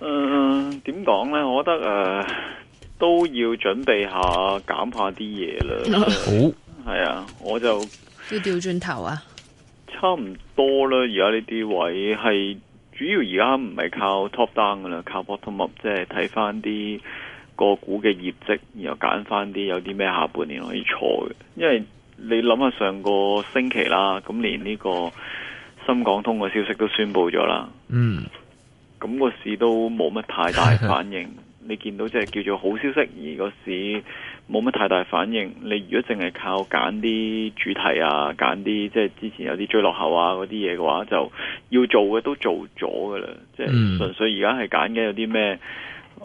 嗯、呃，點講呢？我覺得誒、呃，都要準備下，減下啲嘢啦。好，係啊，我就要掉轉頭啊，差唔多啦。而家呢啲位係主要而家唔係靠 top down 噶啦，靠 bottom up，即係睇翻啲個股嘅業績，然後揀翻啲有啲咩下半年可以坐嘅。因為你諗下上個星期啦，咁連呢個深港通嘅消息都宣布咗啦。嗯。咁、那個市都冇乜太大反應， 你見到即係叫做好消息，而個市冇乜太大反應。你如果淨係靠揀啲主題啊，揀啲即係之前有啲追落後啊嗰啲嘢嘅話，就要做嘅都做咗㗎啦，即、就、係、是、純粹而家係揀緊有啲咩？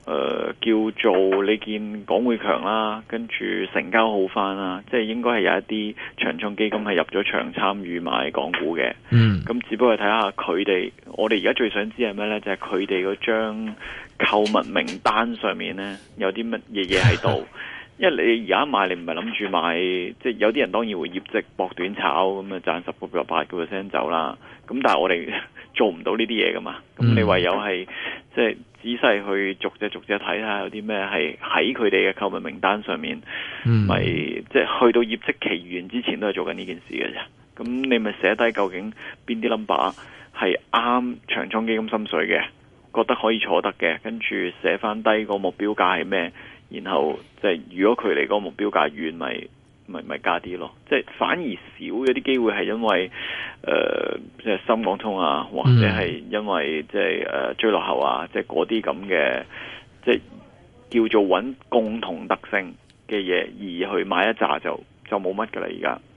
誒、呃、叫做你見港匯強啦，跟住成交好翻啦，即係應該係有一啲長倉基金係入咗場參與買港股嘅。嗯，咁只不過睇下佢哋，我哋而家最想知係咩呢？就係佢哋嗰張購物名單上面呢，有啲乜嘢嘢喺度。 因為你而家買，你唔係諗住買，即係有啲人當然會業績搏短炒，咁啊賺十個 p 八個 percent 走啦。咁但係我哋做唔到呢啲嘢噶嘛。咁、嗯、你唯有係即係仔細去逐隻逐隻睇下有啲咩係喺佢哋嘅購物名單上面，咪即係去到業績期緣之前都係做緊呢件事嘅啫。咁你咪寫低究竟邊啲 number 係啱長倉基金心水嘅，覺得可以坐得嘅，跟住寫翻低個目標價係咩？然後即係如果佢離嗰個目標價遠，咪咪咪加啲咯。即係反而少一啲機會係因為誒即係深港通啊，或者係因為即係誒追落後啊，即係嗰啲咁嘅即係叫做揾共同特性嘅嘢而去買一扎，就就冇乜噶啦而家。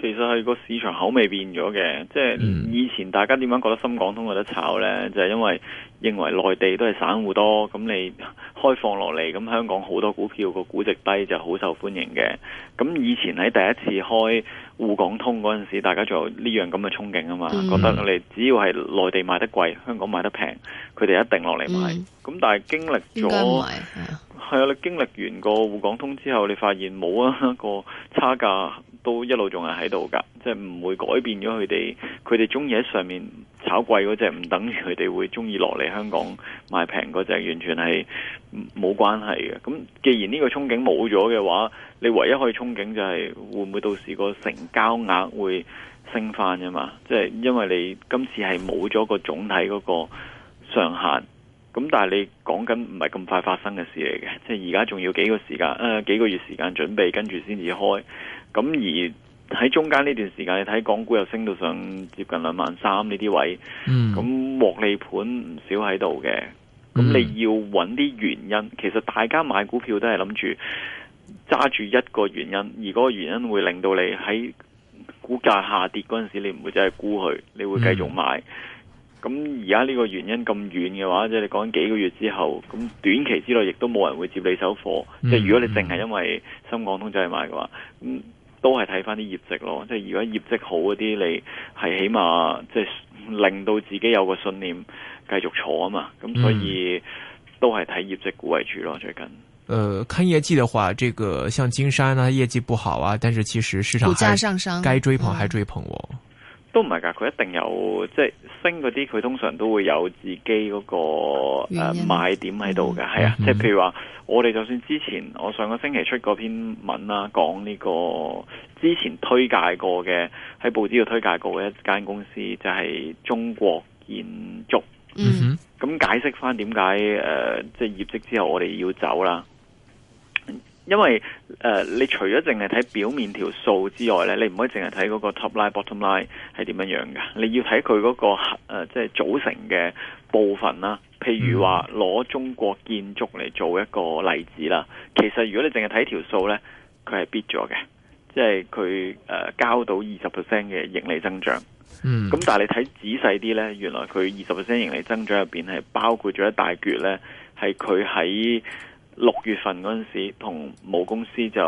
其實係個市場口味變咗嘅，即係以前大家點樣覺得深港通有得炒呢？就係、是、因為認為內地都係散戶多，咁你開放落嚟，咁香港好多股票，個估值低，就好受歡迎嘅。咁以前喺第一次開滬港通嗰陣時，大家就有呢樣咁嘅憧憬啊嘛，嗯，覺得你只要係內地賣得貴，香港賣得平，佢哋一定落嚟買。咁，嗯、但係經歷咗，係啊，你，嗯，經歷完個滬港通之後，你發現冇啊個差價。都一路仲係喺度噶，即係唔會改變咗佢哋。佢哋中意喺上面炒貴嗰隻，唔等於佢哋會中意落嚟香港買平嗰隻，完全係冇關係嘅。咁既然呢個憧憬冇咗嘅話，你唯一可以憧憬就係會唔會到時個成交額會升翻啫嘛？即係因為你今次係冇咗個總體嗰個上限。咁但係你講緊唔係咁快發生嘅事嚟嘅，即係而家仲要幾個時間，啊、呃、幾個月時間準備，跟住先至開。咁而喺中間呢段時間，你睇港股又升到上接近兩萬三呢啲位，咁、嗯、獲利盤唔少喺度嘅。咁你要揾啲原因，嗯，其實大家買股票都係諗住揸住一個原因，而嗰個原因會令到你喺股價下跌嗰陣時，你唔會真係沽佢，你會繼續買。嗯咁而家呢個原因咁遠嘅話，即係你講幾個月之後，咁短期之內亦都冇人會接你手貨。即、嗯、係如果你淨係因為深港通就係買嘅話，都係睇翻啲業績咯。即係如果業績好嗰啲，你係起碼即係令到自己有個信念繼續坐啊嘛。咁、嗯、所以都係睇業績股為主咯，最近。呃，看業績的話，這個像金山啊，業績不好啊，但是其實市場價上升，該追捧還追捧哦。嗯都唔係㗎，佢一定有即係升嗰啲，佢通常都會有自己嗰、那個誒賣、嗯呃、點喺度嘅，係、嗯、啊、嗯，即係譬如話，我哋就算之前我上個星期出過篇文啦、這個，講呢個之前推介過嘅喺報紙度推介過嘅一間公司，就係、是、中國建築。嗯咁解釋翻點解誒，即係業績之後我哋要走啦。因為誒、呃，你除咗淨係睇表面條數之外咧，你唔可以淨係睇嗰個 top line、bottom line 係點樣樣㗎，你要睇佢嗰個誒、呃，即係組成嘅部分啦。譬如話攞中國建築嚟做一個例子啦，其實如果你淨係睇條數咧，佢係必咗嘅，即係佢誒交到二十 percent 嘅盈利增長。嗯，咁但係你睇仔細啲咧，原來佢二十 percent 盈利增長入邊係包括咗一大橛咧，係佢喺。六月份嗰陣時，同母公司就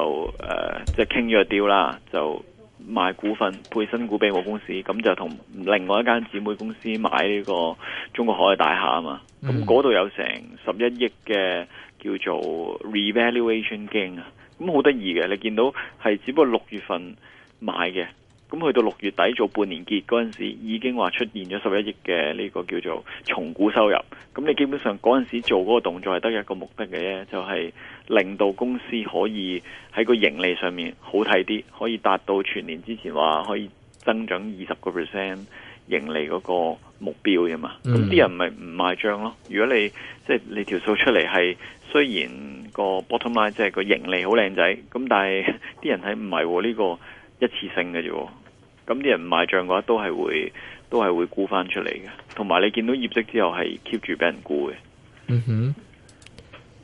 誒即係傾咗個 deal 啦，就賣、是、股份配新股俾母公司，咁就同另外一間姊妹公司買呢個中國海外大廈啊嘛，咁嗰度有成十一億嘅叫做 revaluation gain 啊，咁好得意嘅，你見到係只不過六月份買嘅。咁去到六月底做半年結嗰陣時，已經話出現咗十一億嘅呢個叫做重估收入。咁你基本上嗰陣時做嗰個動作係得一個目的嘅啫，就係，是、令到公司可以喺個盈利上面好睇啲，可以達到全年之前話可以增長二十個 percent 盈利嗰個目標啫嘛。咁啲人咪唔賣賬咯。如果你即係，就是、你條數出嚟係雖然個 bottom line 即係個盈利好靚仔，咁但係啲人睇唔係呢個一次性嘅啫。咁啲人唔買賬嘅話都會，都係會都係會沽翻出嚟嘅。同埋你見到業績之後係 keep 住俾人沽嘅。嗯哼。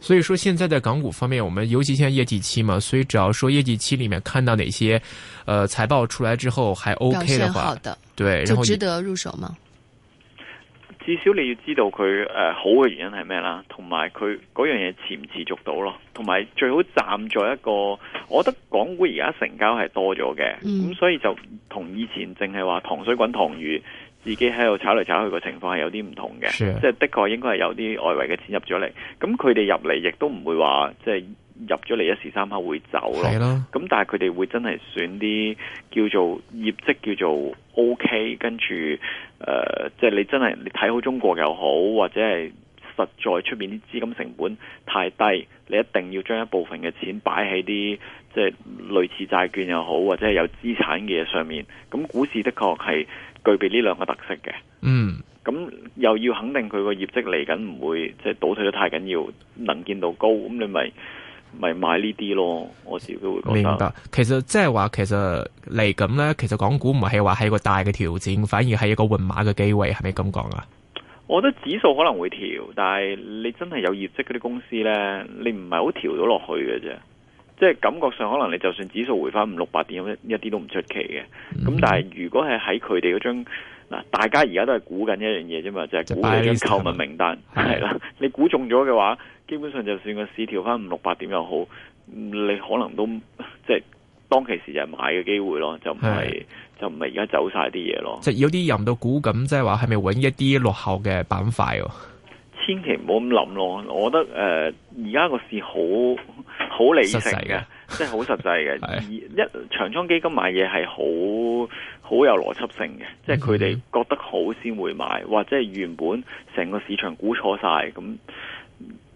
所以說，現在在港股方面，我們尤其現在業績期嘛，所以只要說業績期裏面看到哪些，誒、呃、財報出來之後還 OK 嘅話，對，就值得入手嗎？至少你要知道佢誒、呃、好嘅原因係咩啦，同埋佢嗰樣嘢持唔持續到咯，同埋最好站在一個，我覺得港股而家成交係多咗嘅，咁、嗯嗯、所以就。同以前淨係話塘水滾塘魚，自己喺度炒嚟炒去嘅情況係有啲唔同嘅，sure. 即係的確應該係有啲外圍嘅錢入咗嚟。咁佢哋入嚟亦都唔會話即係入咗嚟一時三刻會走咯。咁但係佢哋會真係選啲叫做業績叫做 OK，跟住誒，即係你真係你睇好中國又好，或者係實在出面啲資金成本太低，你一定要將一部分嘅錢擺喺啲。即係類似債券又好，或者係有資產嘅嘢上面，咁股市的確係具備呢兩個特色嘅。嗯，咁又要肯定佢個業績嚟緊唔會即係、就是、倒退得太緊要，能見度高，咁你咪咪買呢啲咯。我時都會覺得。明白，其實即係話，其實嚟緊呢，其實港股唔係話係一個大嘅調整，反而係一個換馬嘅機會，係咪咁講啊？我覺得指數可能會調，但係你真係有業績嗰啲公司呢，你唔係好調到落去嘅啫。即、就、係、是、感覺上，可能你就算指數回翻五六百點，一一啲都唔出奇嘅。咁、嗯、但係如果係喺佢哋嗰張嗱，大家而家都係估緊一樣嘢啫嘛，就係估嗰啲購物名單。係啦， 是的 你估中咗嘅話，基本上就算個市調翻五六百點又好，你可能都即係、就是、當其時就係買嘅機會咯，就唔係就唔係而家走晒啲嘢咯。即係有啲入到股咁，即係話係咪搵一啲落後嘅板塊、啊？千祈唔好咁諗咯。我覺得誒，而家個市好。好理性嘅，即係好實際嘅。一 長倉基金買嘢係好好有邏輯性嘅，即係佢哋覺得好先會買，或者係原本成個市場估錯晒，咁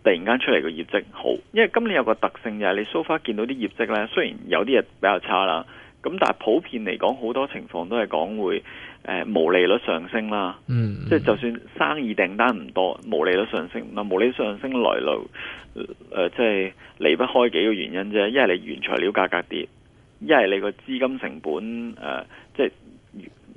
突然間出嚟個業績好。因為今年有個特性就係你 so far 見到啲業績呢，雖然有啲嘢比較差啦，咁但係普遍嚟講，好多情況都係講會。誒、呃、毛利率上升啦，mm-hmm. 即係就算生意訂單唔多，毛利率上升，嗱，毛利率上升來路誒，即、呃、係、就是、離不開幾個原因啫。一係你原材料價格跌，一係你個資金成本誒、呃，即係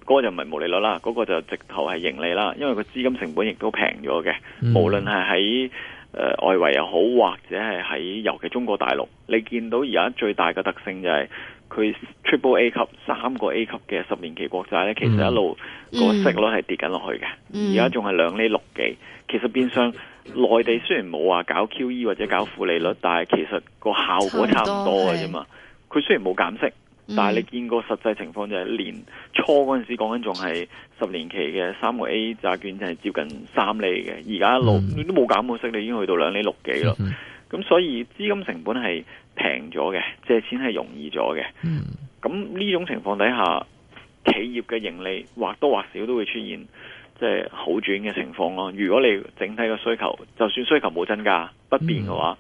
嗰、那個、就唔係毛利率啦，嗰、那個就直頭係盈利啦。因為個資金成本亦都平咗嘅，mm-hmm. 無論係喺、呃、外圍又好，或者係喺尤其中國大陸，你見到而家最大嘅特性就係、是。佢 Triple A 級三個 A 級嘅十年期國債咧，其實一路個息率係跌緊落去嘅。而家仲係兩厘六幾，其實變相內地雖然冇話搞 QE 或者搞負利率，但係其實個效果差唔多㗎啫嘛。佢雖然冇減息，嗯、但係你見個實際情況就係年初嗰陣時講緊仲係十年期嘅三個 A 債券，就係接近三厘嘅。而家一路你都冇減過息，你已經去到兩厘六幾咯。嗯嗯嗯咁所以資金成本係平咗嘅，借錢係容易咗嘅。咁、嗯、呢種情況底下，企業嘅盈利或多或少都會出現即係好轉嘅情況咯。如果你整體嘅需求，就算需求冇增加不變嘅話，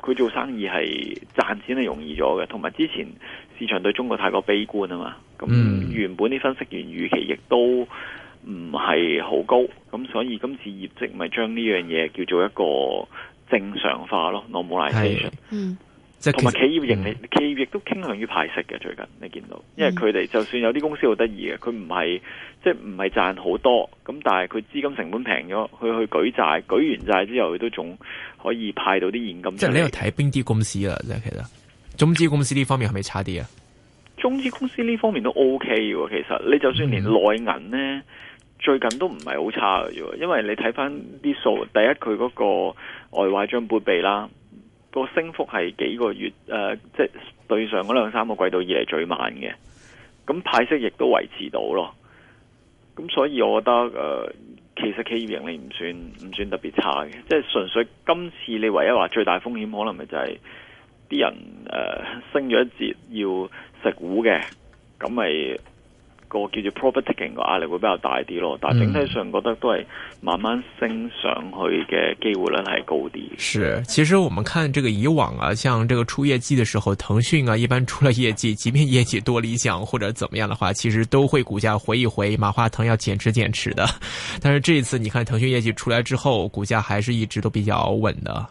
佢、嗯、做生意係賺錢係容易咗嘅。同埋之前市場對中國太過悲觀啊嘛，咁原本啲分析員預期亦都唔係好高，咁所以今次業績咪將呢樣嘢叫做一個。正常化咯，normalization，即係同埋企業盈利，企業亦都傾向於派息嘅。最近你見到，因為佢哋、嗯、就算有啲公司好得意嘅，佢唔係即係唔係賺好多，咁但係佢資金成本平咗，佢去舉債，舉完債之後，佢都仲可以派到啲現金。即係你又睇邊啲公司啊？即係其實，中資公司呢方面係咪差啲啊？中資公司呢方面都 OK 嘅，其實你就算連內銀呢。最近都唔係好差嘅啫，因為你睇翻啲數，第一佢嗰個外壞賬撥備啦，個升幅係幾個月，誒，即係對上嗰兩三個季度以嚟最慢嘅。咁派息亦都維持到咯。咁所以我覺得誒，其實企業盈利唔算唔算特別差嘅，即係純粹今次你唯一話最大風險可能咪就係啲人誒升咗一截要食糊嘅，咁咪，個叫做 profit taking 個壓力會比較大啲咯，但係整體上覺得都係慢慢升上去嘅機會率係高啲，嗯。是，其實我們看這個以往啊，像這個出業績嘅時候，騰訊啊一般出了業績，即便業績多理想或者怎麼樣的話，其實都會股價回一回，馬化騰要減持減持的。但是這一次，你看騰訊業績出來之後，股價還是一直都比較穩的。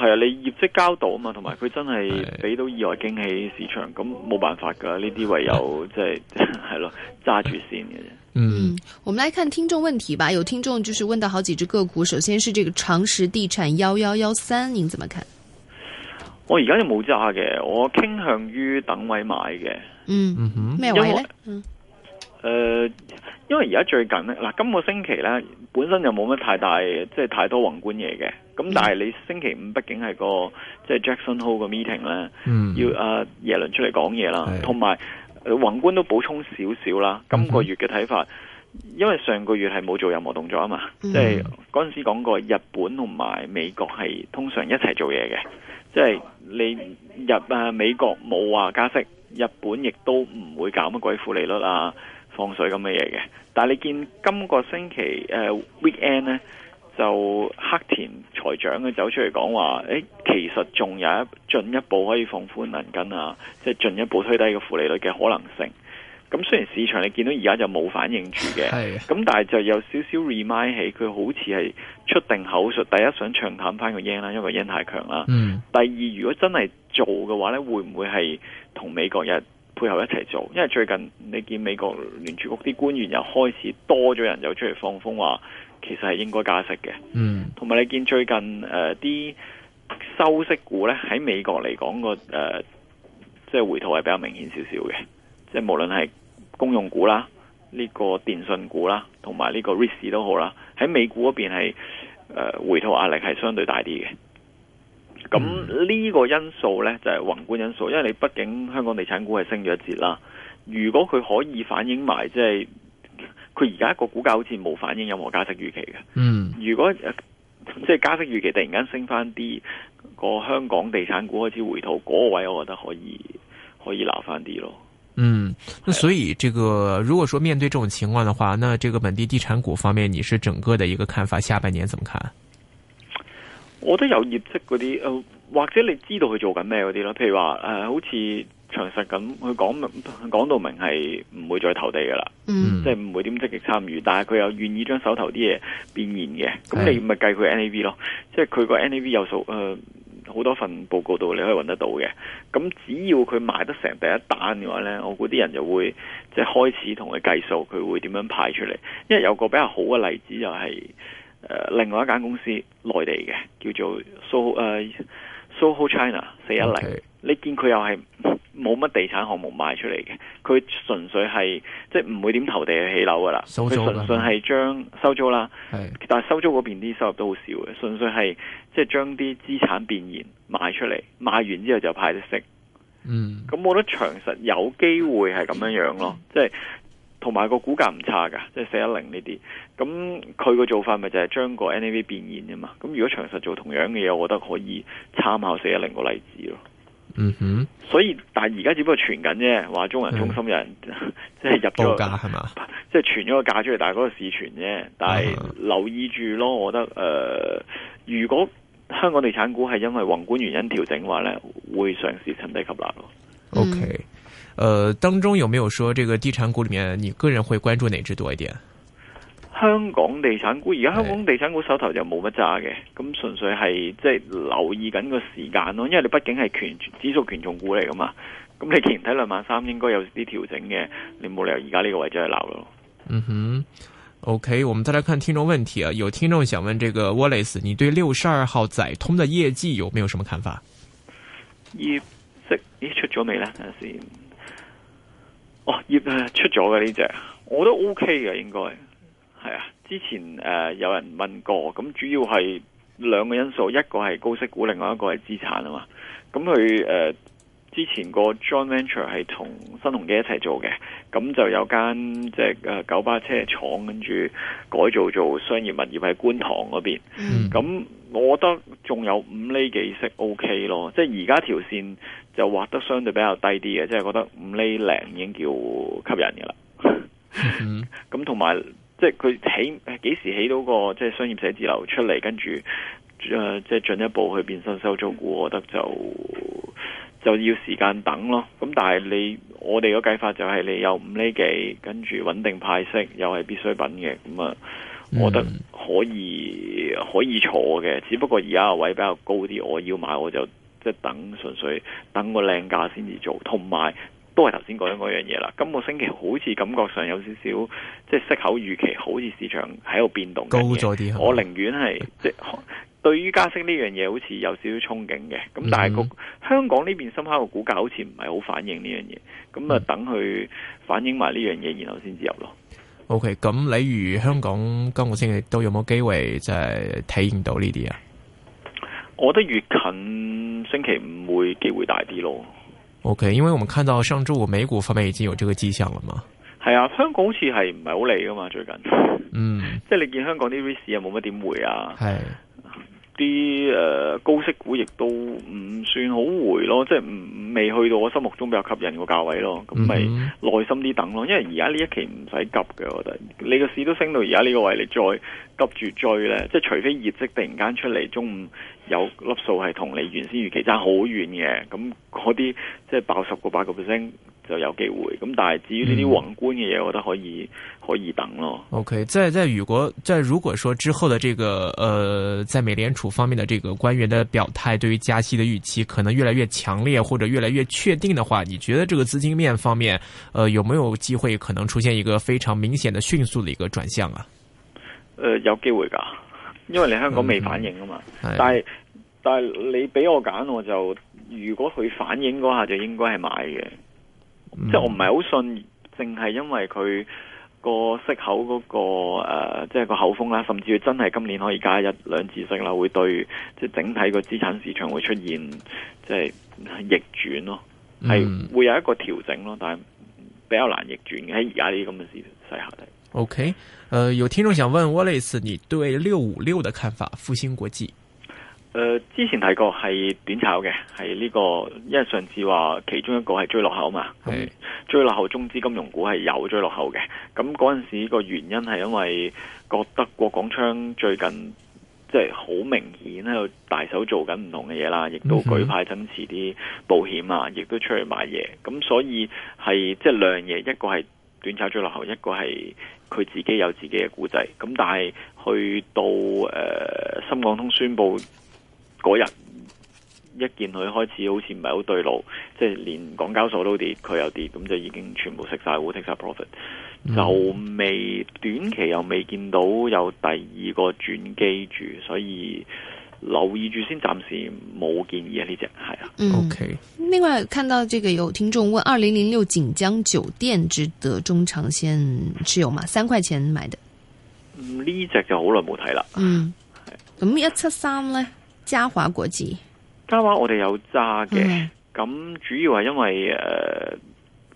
係啊，你業績交到嘛，同埋佢真係俾到意外驚喜市場，咁冇辦法噶，呢啲唯有即係係咯揸住先嘅啫。嗯，我們來看聽眾問題吧。有聽眾就是問到好幾隻個股，首先是這個長實地產幺幺幺三，您怎麼看？我而家就冇揸嘅，我傾向於等位買嘅。嗯嗯，咩位咧？嗯，因為而家、呃、最近咧嗱，今個星期咧本身就冇乜太大，即係太多宏觀嘢嘅。咁、嗯、但係你星期五畢竟係個即係、就是、Jackson Hole 個 meeting 啦、嗯，要阿、啊、耶倫出嚟講嘢啦，同埋宏觀都補充少少啦。今個月嘅睇法，因為上個月係冇做任何動作啊嘛，即係嗰陣時講過日本同埋美國係通常一齊做嘢嘅，即、就、係、是、你日啊美國冇話加息，日本亦都唔會搞乜鬼負利率啊放水咁嘅嘢嘅，但係你見今個星期、呃、weekend 呢。就黑田財長佢走出嚟講話，誒、欸，其實仲有一進一步可以放寬銀根啊，即係進一步推低個負利率嘅可能性。咁雖然市場你見到而家就冇反應住嘅，咁但係就有少少 remind 起佢好似係出定口術，第一想唱淡返個 yen 啦，因為 yen 太強啦、嗯。第二，如果真係做嘅話呢會唔會係同美國又配合一齊做？因為最近你見美國聯儲局啲官員又開始多咗人又出嚟放風話。其實係應該加息嘅，嗯，同埋你見最近誒啲、呃、收息股咧喺美國嚟講個誒，即係、呃就是、回吐係比較明顯少少嘅，即、就、係、是、無論係公用股啦，呢、這個電信股啦，同埋呢個 REITs 都好啦，喺美股嗰邊係誒回吐壓力係相對大啲嘅。咁、嗯、呢個因素咧就係、是、宏觀因素，因為你畢竟香港地產股係升咗一截啦，如果佢可以反映埋即係。就是佢而家個股價好似冇反應任何加息預期嘅。嗯，如果即係、就是、加息預期突然間升翻啲，個香港地產股開始回吐嗰、那個位，我覺得可以可以鬧翻啲咯。嗯，所以，這個如果說面對這種情況的話，那這個本地地產股方面，你是整個的一個看法，下半年怎麼看？我覺得有業績嗰啲，或者你知道佢做緊咩嗰啲咯，譬如話誒、呃，好似。詳實咁，佢講明講到明係唔會再投地噶啦，mm. 即係唔會點積極參與，但係佢又願意將手頭啲嘢變現嘅，咁、mm. 你咪計佢 N A V 咯，即係佢個 N A V 有數，好、呃、多份報告度你可以揾得到嘅，咁只要佢賣得成第一單嘅話呢，我估啲人就會即係開始同佢計數，佢會點樣派出嚟，因為有個比較好嘅例子就係、是、誒、呃、另外一間公司內地嘅叫做 So 誒、呃、SoHo China 四一零。你見佢又係冇乜地產項目賣出嚟嘅，佢純粹係即係唔會點投地去起樓噶啦，佢純粹係將收租啦。但係收租嗰邊啲收入都好少嘅，純粹係即係將啲資產變現賣出嚟，賣完之後就派得息。嗯，咁我覺得長實有機會係咁樣樣咯，即係同埋個股價唔差噶，即係四一零呢啲。咁佢個做法咪就係將個 NAV 變現吖嘛。咁如果長實做同樣嘅嘢，我覺得可以參考四一零個例子咯。嗯哼，所以但係而家只不過傳緊啫，話中銀中心有人即係、嗯、 入咗，係嘛？即係傳咗個價出嚟，但係嗰個市傳啫。但係留意住咯，我覺得誒、呃，如果香港地產股係因為宏觀原因調整嘅話咧，會嘗試趁低吸納咯。OK，誒，當中有冇有說這個地產股裏面，你個人會關注哪隻多一點？香港地產股而家香港地產股，手頭就冇乜揸嘅，咁純粹係即係留意緊個時間咯，因為你畢竟係權指數權重股嚟噶嘛，咁你既然睇兩萬三應該有啲調整嘅，你冇理由而家呢個位置去鬧咯。嗯哼，OK，我們再來看聽眾問題啊，有聽眾想問這個 Wallace，你對六十二號載通嘅業績有沒有什麼看法？業績，咦出咗未呢？等陣先，哦，業出咗嘅呢隻，我覺得 OK 嘅應該。係啊，之前誒、呃、有人問過，咁、嗯、主要係兩個因素，一個係高息股，另外一個係資產啊嘛。咁佢誒之前個 joint venture 係同新鴻基一齊做嘅，咁、嗯、就有間即係誒九巴車廠跟住改造做商業物業喺觀塘嗰邊。咁、嗯嗯、我覺得仲有五厘幾息 OK 咯，即係而家條線就畫得相對比較低啲嘅，即係覺得五厘零已經叫吸引嘅啦。咁同埋。 嗯嗯即係佢起幾時起到個即係商業寫字樓出嚟，跟住、呃、即係進一步去變身收租股，我覺得就就要時間等咯。咁但係你我哋個計法就係你有五厘幾，跟住穩定派息，又係必需品嘅，咁啊，我覺得可以、嗯、可以坐嘅。只不過而家個位比較高啲，我要買我就即係等，純粹等個靚價先至做，同埋。都係頭先講嗰樣嘢啦，今個星期好似感覺上有少少，即係息口預期，好似市場喺度變動。高咗啲？我寧願係 即係對於加息呢樣嘢，好似有少少憧憬嘅。咁但係、嗯、香港呢邊深坑嘅股價，好似唔係好反映呢樣嘢。咁、嗯、啊，那等佢反映埋呢樣嘢，然後先至入咯。OK，咁例如香港今個星期都有冇機會即係體驗到呢啲啊？我覺得越近星期五會機會大啲咯。O.K.，因為我們看到上週五美股方面已經有這個迹象啦嘛。係啊，香港好似係唔係好理噶嘛，最近。嗯，即係你見香港啲市又冇乜點回啊。係。啲誒高息股亦都唔算好回咯，即係唔未去到我心目中比較吸引個價位咯，咁咪耐心啲等咯。因為而家呢一期唔使急嘅，我覺得你個市都升到而家呢個位，你再急住追咧，即係除非業績突然間出嚟，中午有粒數係同你原先預期爭好遠嘅，咁嗰啲即係爆十個八個 percent。就有機會，咁但係至於呢啲宏觀嘅嘢、嗯，我覺得可以可以等咯。OK，即係如果即係如果說之後嘅這個，誒、呃，在美聯儲方面的這個官員的表態，對於加息的預期可能越來越強烈或者越來越確定的話，你覺得這個資金面方面，誒、呃，有沒有機會可能出現一個非常明顯的、迅速的一個轉向啊？誒、呃，有機會㗎，因為你香港未反應啊嘛，嗯嗯、但係、哎、但係你俾我揀，我就如果佢反應嗰下就應該係買嘅。嗯、即係我唔係好信，淨係因為佢個息口嗰、那個誒、呃，即係個口風啦，甚至要真係今年可以加一兩次息啦，會對即係整體個資產市場會出現即係逆轉咯，係會有一個調整咯，但係比較難逆轉嘅喺而家呢啲咁嘅事勢下。OK，誒、呃，有聽眾想問 Wallace，你對六五六的看法？復星國際。呃、之前提過係短炒嘅，係呢、這個因為上次話其中一個係追落後嘛，咁追落後中資金融股係有追落後嘅。咁嗰陣時個原因係因為覺得郭廣昌最近即係好明顯喺度大手做緊唔同嘅嘢啦，亦、嗯、都舉牌增持啲保險啊，亦都出去買嘢。咁所以係即係兩樣嘢，一個係短炒追落後，一個係佢自己有自己嘅估值。咁但係去到誒、呃、深港通宣布。嗰日一見佢開始，好似唔係好對路，即係連港交所都跌，佢又跌，咁就已經全部食晒。會、we'll、take 晒 profit，、嗯、就未短期又未見到有第二個轉機住，所以留意住先，暫時冇建議啊呢隻係啊。嗯、o、okay. k 另外看到這個有聽眾問：二零零六錦江酒店值得中長線持有嗎？三塊錢買的？呢、嗯、隻就好耐冇睇啦。嗯，係、啊。咁一七三咧？嘉華國際，嘉華我哋有揸嘅，咁、mm. 主要係因為誒、呃，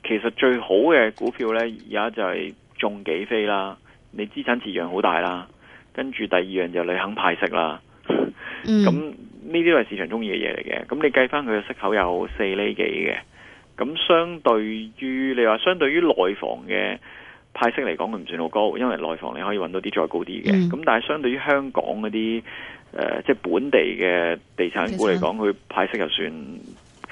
其實最好嘅股票呢，而家就係中幾飛啦，你資產折讓好大啦，跟住第二樣就你肯派息啦，咁呢啲都係市場中意嘅嘢嚟嘅，咁你計翻佢嘅息口有四厘幾嘅，咁相對於你話相對於內房嘅派息嚟講，佢唔算好高，因為內房你可以揾到啲再高啲嘅，咁、mm. 但係相對於香港嗰啲。誒、呃，即係本地嘅地產股嚟講，佢派息又算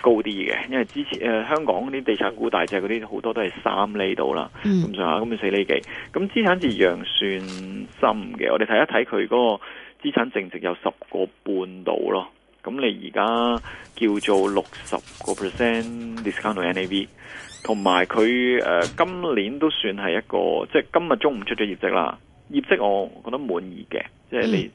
高啲嘅。因為之前誒、呃、香港嗰啲地產股大隻嗰啲，好多都係三厘度啦，咁上下，咁四厘幾。咁資產折讓算深嘅，我哋睇一睇佢嗰個資產淨值有十個半度咯。咁你而家叫做六十個 percent discount to NAV，同埋佢誒、呃、今年都算係一個，即係今日中午出咗業績啦，業績我覺得滿意嘅，即係你。嗯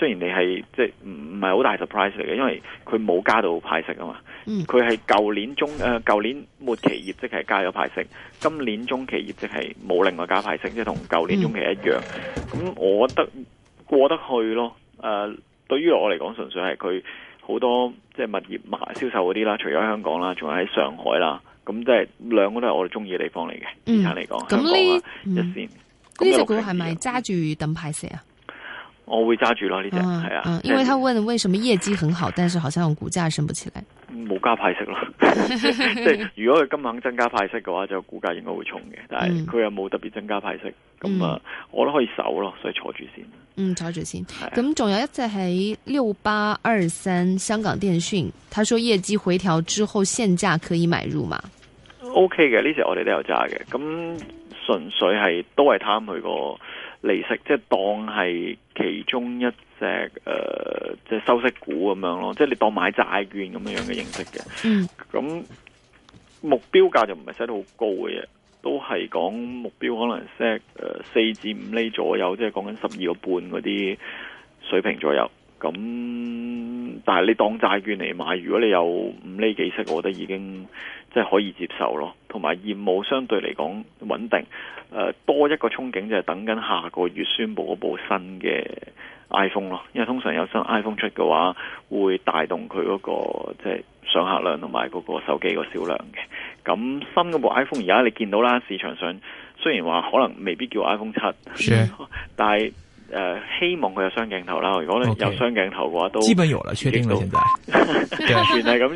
雖然你係即係唔唔係好大 surprise 嚟嘅，因為佢冇加到派息啊嘛。佢係舊年中誒舊、呃、年末期業績係加咗派息，今年中期業績係冇另外加派息，即係同舊年中期一樣。咁、嗯嗯、我覺得過得去咯。誒、呃，對於我嚟講，純粹係佢好多即係物業賣銷售嗰啲啦，除咗喺香港啦，仲有喺上海啦，咁即係兩個都係我哋中意嘅地方嚟嘅。嗯，嚟講咁呢？嗯，呢隻股係咪揸住等派息啊？嗯我會揸住咯呢隻，係啊,啊，因為他問為什麼業績很好， 但是好像股價升不起來，冇加派息咯。 即係如果佢今晚增加派息嘅話，就股價應該會重嘅。但係佢又冇特別增加派息，咁、嗯嗯、啊，我都可以守咯，所以坐住先。嗯，坐住先。咁仲、啊、有一隻喺六八二三香港電訊，他說業績回調之後現價可以買入嘛？OK 嘅呢隻我哋都有揸嘅，咁純粹係都係貪佢、那個。利息即係當係其中一隻誒、呃，即係收息股咁樣咯，即係你當買債券咁樣樣嘅形式嘅。嗯，咁目標價就唔係 set 得好高嘅嘢，都係講目標可能 set 誒四至五厘左右，即係講緊十二個半嗰啲水平左右。咁，但係你當債券嚟買，如果你有五厘幾息，我覺得已經即係可以接受咯。同埋業務相對嚟講穩定、呃，多一個憧憬就係等緊下個月宣佈嗰部新嘅 iPhone 咯。因為通常有新 iPhone 出嘅話，會帶動佢嗰個即係上客量同埋嗰個手機個銷量嘅。咁新嗰部 iPhone 而家你見到啦，市場上雖然話可能未必叫 iPhone 七、sure，但係。誒希望佢有雙鏡頭啦，如果你有雙鏡頭嘅話，okay、都基本有了，確定啦，現在，完全係咁。